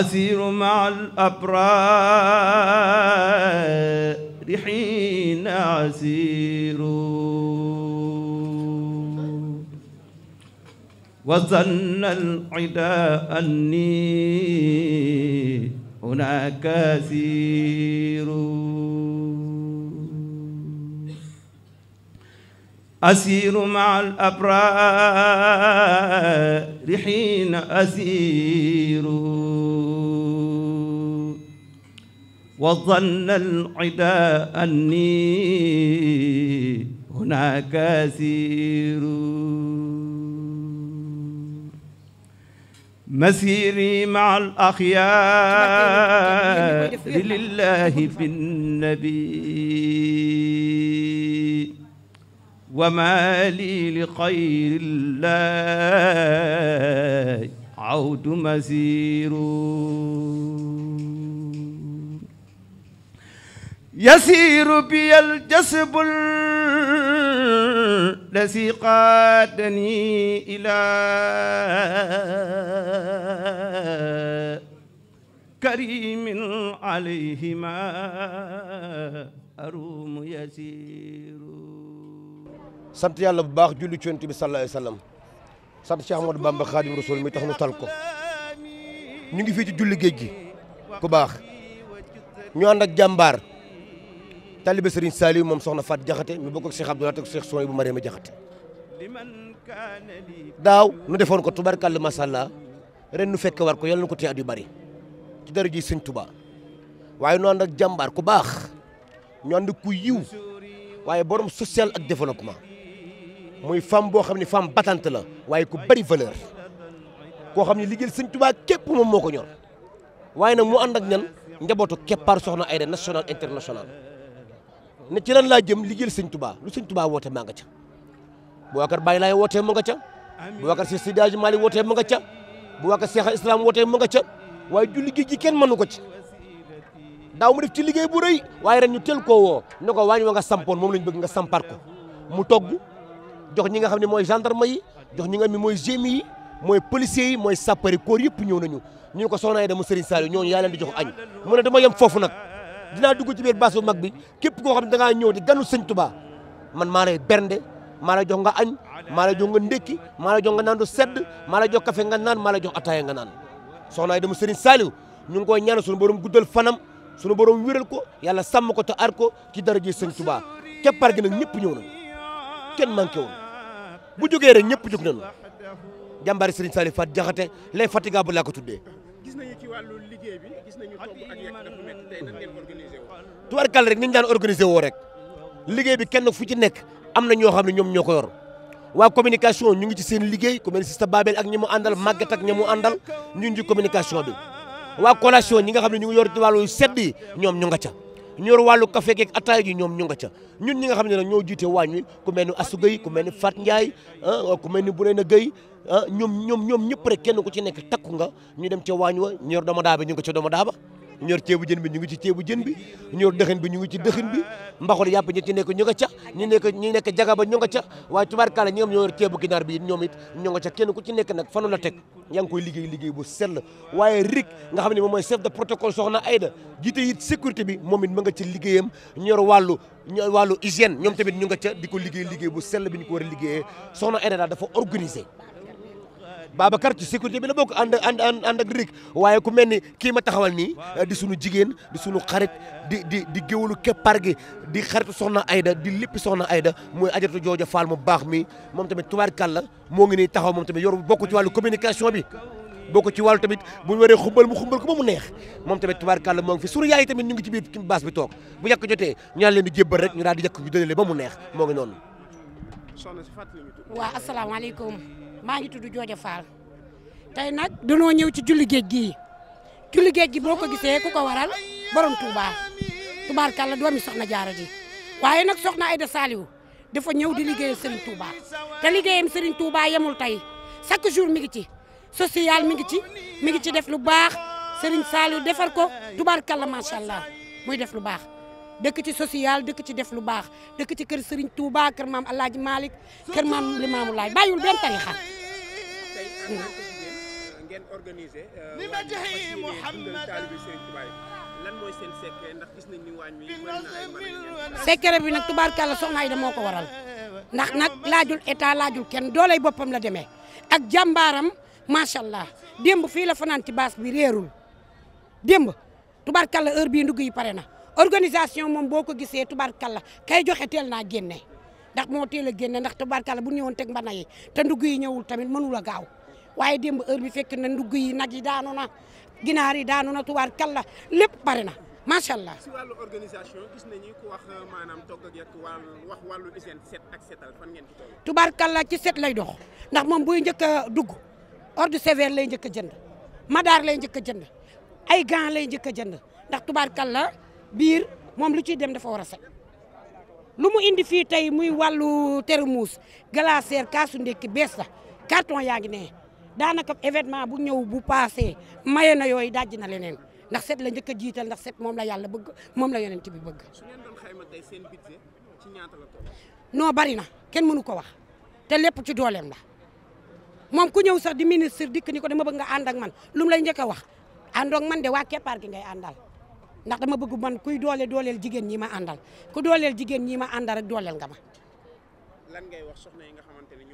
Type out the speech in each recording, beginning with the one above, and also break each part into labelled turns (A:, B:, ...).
A: asiru ma al abraari xiina asiru wa zanna al ida anni hunaka asiru asiiru ma al abraari xiina asiiru wa zanna al ida anni hunaaka asiiru masiiri ma al axyaari lillahi binnabi wa maa lii li xayrillaahi awdu masiiru yasiiru biyal jasbul lazi qaadani ilaa karimin alayhima arumu yasiiru sant yàlla bu baax julli ci yonent bi sallallahu alayhi wasallam sant Cheikh Ahmadou
B: Bamba Khadim Rasoul mi tax nu tal ko ñu ngi fii ci julli géej gi ku baax ñu ànd ak jàmbaar talibé Serigne Saliou moom soxna Fat Jaxate mi bokk ak Cheikh Abdoulaye ak Cheikh Soy bu Mariama Jaxate daaw nu defoon ko tubarkàlla masàllaa ren nu fekk war ko yàlla na ko téye at yu bari ci dara ji Sëñ waaye ñu ànd ak jàmbaar ku baax ñu ànd ku yiw waaye borom social ak développement muy femme boo xam ne femme battante la waaye ku bari valeur koo xam ne liggéeyal sëñ Tuubaa képp moom moo ko ñor waaye nag mu ànd ak ñan njabootu keppaar soxna Aida national international ne ci lan laa jëm liggéeyal sëñ Tuubaa lu sëñ tubaa woote maa nga ca Boubacar Baye Laay wootee mu nga ca Boubacar si Seydi Hadji Malick mu nga ca Boubacar Cheikh al Islam wootee mu nga ca waaye ju liggéey ji kenn mënu ko ci daaw mu def ci liggéey bu rëy waaye ren ñu teel koo woo ne ko waañ wa nga sampoon moom lañ bëgg nga sampaat mu togg jox ñi nga xam ne mooy gendarme yi jox ñi nga xam ne mooy gémi yi mooy policiers yi mooy sapeurs corps yëpp ñëw nañu ñu ne ko soxna yi dama Serigne Saliou ñooñu yaa leen di jox añ mu ne dama yem foofu nag dinaa dugg ci biir baas bu mag bi képp koo xam ne da ñëw di ganu sëñ man maa lay bernde maa lay nga añ maa lay nga ndékki maa lay nga naan du sedd maa lay jox café nga naan maa lay jox ataaya nga naan soxna yi dama Serigne ñu ngi koy ñaanal suñu borom guddal fanam suñu borom wéral ko yàlla sàmm ko te aar ko ci dara ji sëñ Touba képpar gi nag ñëpp ñëw nañ kenn manqué wul bu jógee rek ñëpp jóg nañu jàmbaari Serigne Saliou Fat Diakhaté les fatigables laa ko tuddee. gis nañu ci wàllu liggéey bi gis rek ni ñu daan woo rek liggéey bi kenn fu ci nekk am na ñoo xam ne ñoom ñoo ko yor waa communication ñu ngi ci seen liggéey ku mel ni sista Babel ak ñi mu àndal màggat ak ñi mu àndal ñu ngi ci communication bi waa collation ñi nga xam ne ñu ngi yor ci wàllu sedd ñoom ñu nga ñor wàllu café geeg ataay gi ñoom ñu nga ca ñun ñi nga xam ne nag ñoo jiite waañ wi ku mel ni Assou Gueye ku mel ni Fat Ndiaye ah, ku mel ni Burena Gueye ah, ñoom ñoom ñoom ñëpp rek kenn ku ci nekk takku nga ñu dem ca waañ wa ñoor dama daaba ñu nga ca dama daaba ñu yor ceebu jën bi ñu ngi ci ceebu jën bi ñu yor dëxin bi ñu ngi ci dëxin bi mbaxul yàpp ñi ci nekk ñu nga ca ñi nekk ñi nekk jaga ba ñu nga ca waaye tubaarkàlla ñi nga ñoo yor ceebu ginaar bi ñoom it ñu nga ca kenn ku ci nekk nag fanu la teg yaa ngi koy liggéey liggéey bu sell waaye rik nga xam ne moom mooy chef de protocole soxna Aida jiite it sécurité bi moom it ma nga ca liggéeyam ñu yor wàllu ñu wàllu hygiène ñoom tamit ñu nga ca di ko liggéey liggéey bu sell bi ñu ko war a liggéeyee soxna Aida daal dafa organiser Babacar ci sécurité bi la bokk ànd ànd ànd ànd ak rik waaye ku mel ni taxawal nii di sunu jigéen di sunu xarit di di di géwalu keppaar gi di xaritu soxna Ayda di lépp soxna Ayda muy ajatu jooja faal mu baax mi moom tamit tubaarkàlla moo ngi nii taxaw moom tamit yor bokk ci wàllu communication bi bokk ci wàllu tamit bu ñu waree xumbal mu xumbal ko ba mu neex moom tamit tubaarkàlla moo ngi fi sunu yaay tamit ñu ngi ci biir baas bi toog bu yàq jotee ñu naan leen di rek ñu daal di yàq ñu dënale ba neex moo ngi noonu.
C: waaw asalaamaaleykum. maa ngi tudd Jooja Fall tey nag danoo ñëw ci julli géej gi julli géej gi boo ko gisee ku ko waral borom Touba tubaarkàlla doomi soxna jaara ji waaye nag soxna Aida Saliou dafa ñëw di liggéeyal Serigne Touba te liggéeyam Serigne Touba yemul tey chaque jour mi ngi ci social mi ngi ci mi ngi ci def lu baax Serigne Saliou defar ko kalla macha allah muy def lu baax. dëkk ci social dëkk ci def lu baax dëkk ci kër Serigne Touba kër maam El Hadj Malick kër maam Limamou Laye
B: ngeen organisé. Euh, ni ma jaxee
C: bi nag tubaarkàlla soxna Aida moo ko waral ndax nag laajul état laajul kenn dooley boppam la demee ak jàmbaaram macha allah démb fii la fanaan ci baas bi réerul démb tubaarkàlla heure bi ndugg yi pare na organisation moom boo ko gisee tubaarkàlla kay joxe tell naa génne. ndax moo teel a génne ndax tubaarkàlla bu ñëwoon teg mbana yi te ndugg yi ñëwul tamit mënul a gaaw waaye démb heure bi fekk na ndugg yi nag yi daanu na ginaar yi daanu na tubaar kalla lépp pare na macha allah.
B: si wàllu organisation gis nañu euh,
C: tubaar kalla ci set lay dox ndax moom buy njëkk a dugg ordre sévère lay njëkk a jënd madaar lay njëkk a jënd ay gants lay njëkk a jënd ndax tubaar kalla biir moom lu ciy dem dafa war set. lu mu indi fii tey muy wàllu termos glacière kaasu ndekki bees la carton yaa ngi ne daanaka événement bu ñëw bu paase maye na yooyu daj na leneen ndax set la njëkk a jiital ndax set moom la yàlla bëgg moom la yonent bi bëgg.
B: su ngeen doon xayma ci ñaata la toll.
C: bari na kenn mënu ko wax te lépp ci dooleem la moom ku ñëw sax di ministre dikk ni ko dama bëgg nga man lu mu lay njëkk a wax àndoog man de waa keppaar gi ngay àndal. ndax dama bëgg man kuy doole dooleel jigéen ñi ma àndal ku dooleel jigéen ñi ma àndal dooleel nga ma.
B: lan ngay wax soxna yi nga xamante ne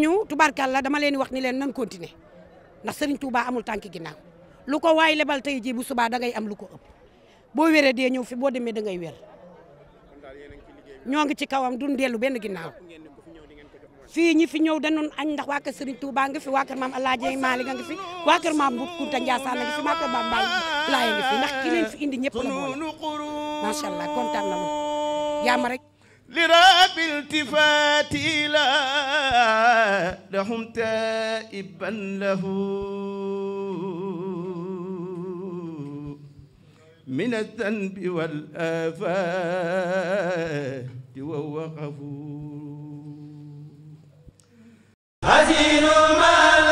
C: ñoo dama leen wax ni leen nan continuer ndax sëriñ Touba amul tànk ginnaaw lu ko waay lebal tey jii bu subaa da ngay am lu ko boo wéree dee ñëw fi boo demee da ngay wér ñoo ngi ci kawam dun dellu benn ginaaw fii ñi fi ñëw danoon añ ndax waa kër Serigne Touba nga fi waa kër maam Alaaji Maalik nga fi waa kër maam Bou Kounta Ndiassane nga fi waa kër maam Baay Laay nga fi ndax ki fi indi ñëpp la boole macha allah kontaan na ma rek. لرب التفات إلى لهم
A: تائبا له من الذنب والآفات وهو غفور هزيل ما